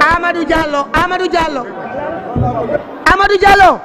Amadou Diallo Amadou Diallo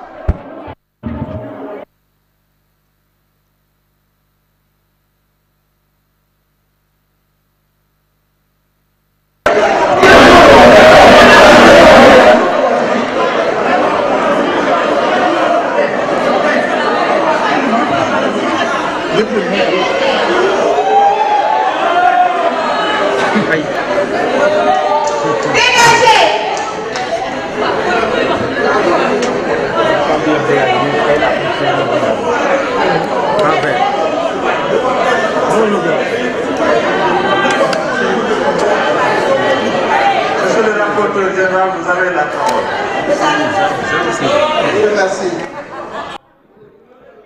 donner la parole.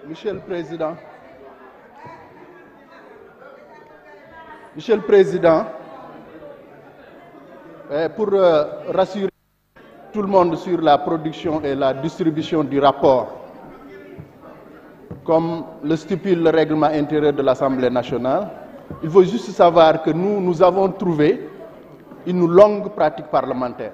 Monsieur le Président. Monsieur le Président, eh, pour euh, rassurer tout le monde sur la production et la distribution du rapport, comme le stipule le règlement intérieur de l'Assemblée nationale, il faut juste savoir que nous, nous avons trouvé une longue pratique parlementaire.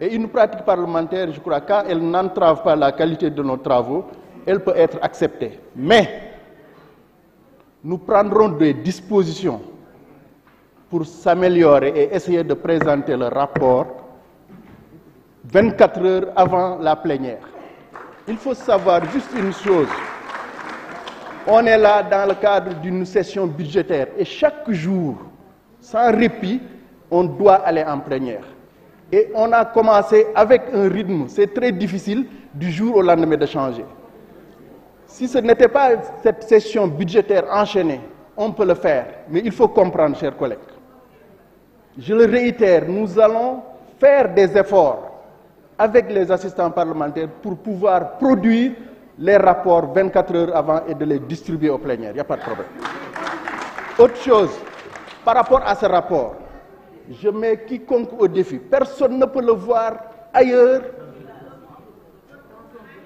Et une pratique parlementaire, je crois, quand elle n'entrave pas la qualité de nos travaux, elle peut être acceptée. Mais nous prendrons des dispositions pour s'améliorer et essayer de présenter le rapport 24 heures avant la plénière. Il faut savoir juste On est là dans le cadre d'une session budgétaire et chaque jour, sans répit, on doit aller en plénière. Et on a commencé avec un rythme, c'est très difficile du jour au lendemain de changer. Si ce n'était pas cette session budgétaire enchaînée, on peut le Mais il faut comprendre, chers collègues. Je le réitère, nous allons des efforts avec les assistants parlementaires pour pouvoir produire les rapports 24 heures avant et de les distribuer aux plénières. Il par rapport à rapport, je mets quiconque au défi. Personne ne peut le voir ailleurs.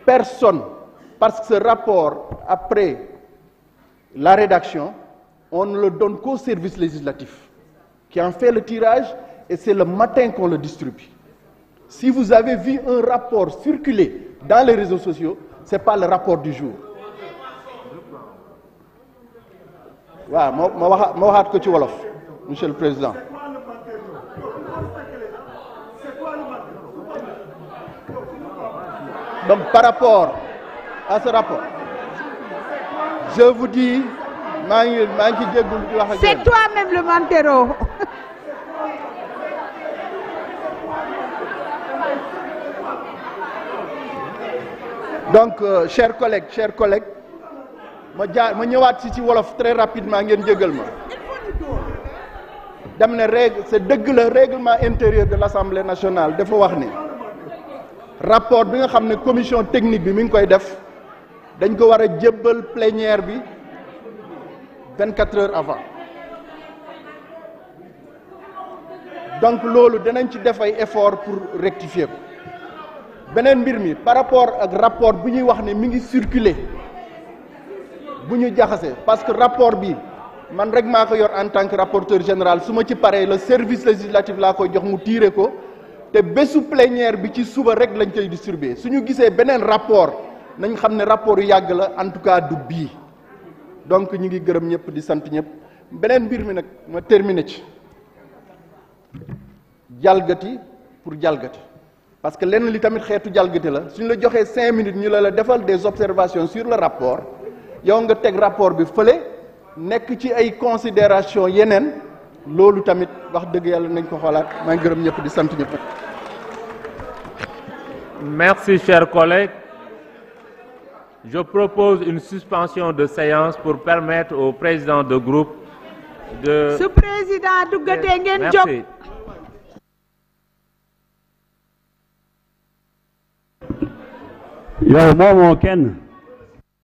Personne. Parce que ce rapport, après la rédaction, on ne le donne qu'au service législatif, qui en fait le tirage, et c'est le matin qu'on le distribue. Si vous avez vu un rapport circuler dans les réseaux sociaux, ce n'est pas le rapport du jour. waaw ma ma waxaat ko ci wolof monsieur le président Donc par rapport à ce rapport, je vous dis, c'est toi-même le mantero. Donc, euh, chers collègues, chers ma jaar ma ñëwaat ci ci wolof très rapidement ngeen jégal ma dem ne règle c'est dëgg la règlement intérieur de l'Assemblée nationale dafa wax ni rapport bi nga xam ne commission technique bi mu ngi koy def dañ ko war a jébbal plénière bi vingt quatre heures avant donc loolu danañ ci def ay effort pour rectifier ko beneen mbir mi par rapport ak rapport bu ñuy wax ni mi ngi circuler bu ñu jaxasee parce que rapport bi man rek maa ko yor en tant que rapporteur général su ma ci paree le service législatif laa koy jox mu tiire ko te bésu plénière bi ci suba rek lañ kay koy su ñu gisee beneen rapport nañ xam ne rapport yu yàgg la en tout cas du bii donc ñu ngi gërëm ñëpp di sant ñëpp beneen mbir mi nag ma terminer ci jalgati pour jalgati parce que lenn li tamit xeetu jalgati la suñu la joxee cinq minutes ñu la la defal des observations sur le rapport yow nga teg rapport bi fële nekk ci ay considération yeneen loolu tamit wax dëgg yàlla nañ ko xoolaat maa ngi gërëm ñëpp di sant ñëpp. Merci, chers collègues. Je propose une suspension de séance pour permettre au président de groupe de... Su président duggatee ngeen jóg. Merci. yow moomoo kenn.